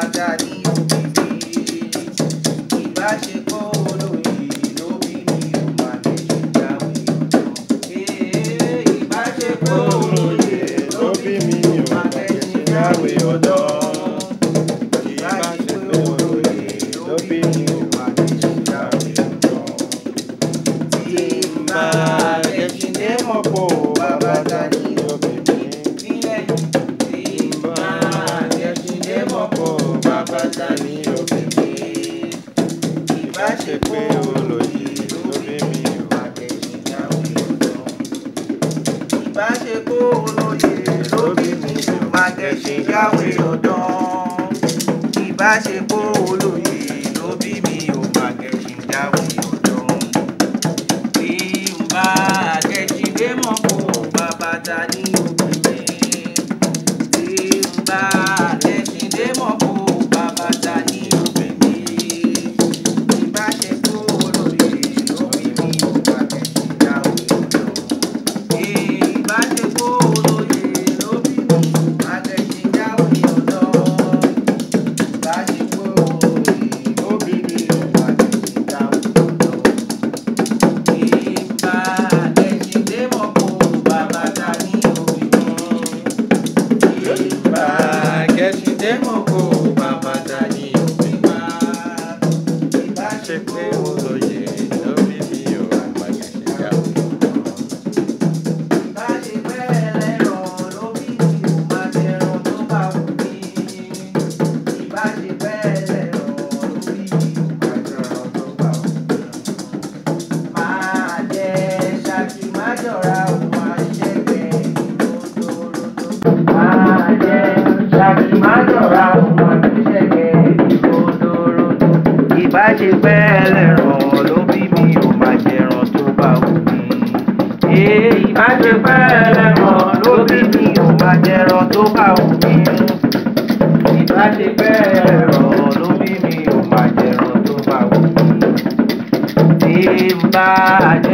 Bye, guys. kó lóye lóbi mi má jẹ́ ṣe yáwé ọ̀dán. Ìbá mi ò má jẹ́ ṣe yáwé ọ̀dán. Bí n bá àjẹṣin dé mọ́ kó bàbá ta ní. ṣe pẹ́ ẹlẹ́ràn ló bí mi ò máa jẹran tó bá wù mí. èyí má ṣe pẹ́ ẹlẹ́ràn ló bí mi ò máa jẹran tó bá wù mí. ìbá ṣe pẹ́ ẹlẹ́ràn ló bí mi ò máa jẹran tó bá wù mí. èyí bá a jẹ.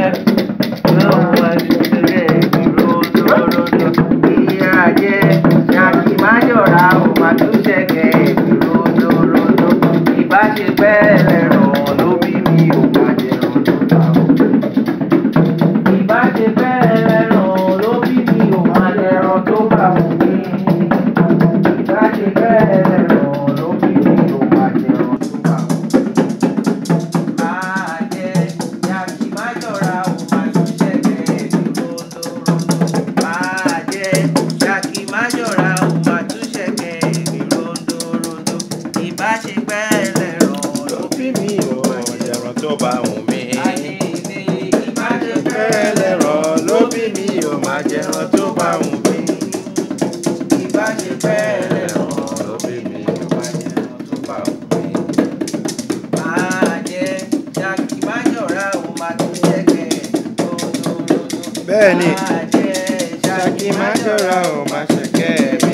ló bá wùn mí. Bẹ́ẹ̀ lẹ̀rọ ló bí mi ò máa jẹran tó bá wùn mí. Bẹ́ẹ̀ lẹ̀rọ ló bí mi ò máa jẹran tó bá wùn mí. Máa jẹ jákè má yọ̀ra o máa tún jẹ́kẹ̀ òdòdó. Bẹ́ẹ̀ni, jákè má yọ̀ra o máa ṣẹ̀kẹ́ mi.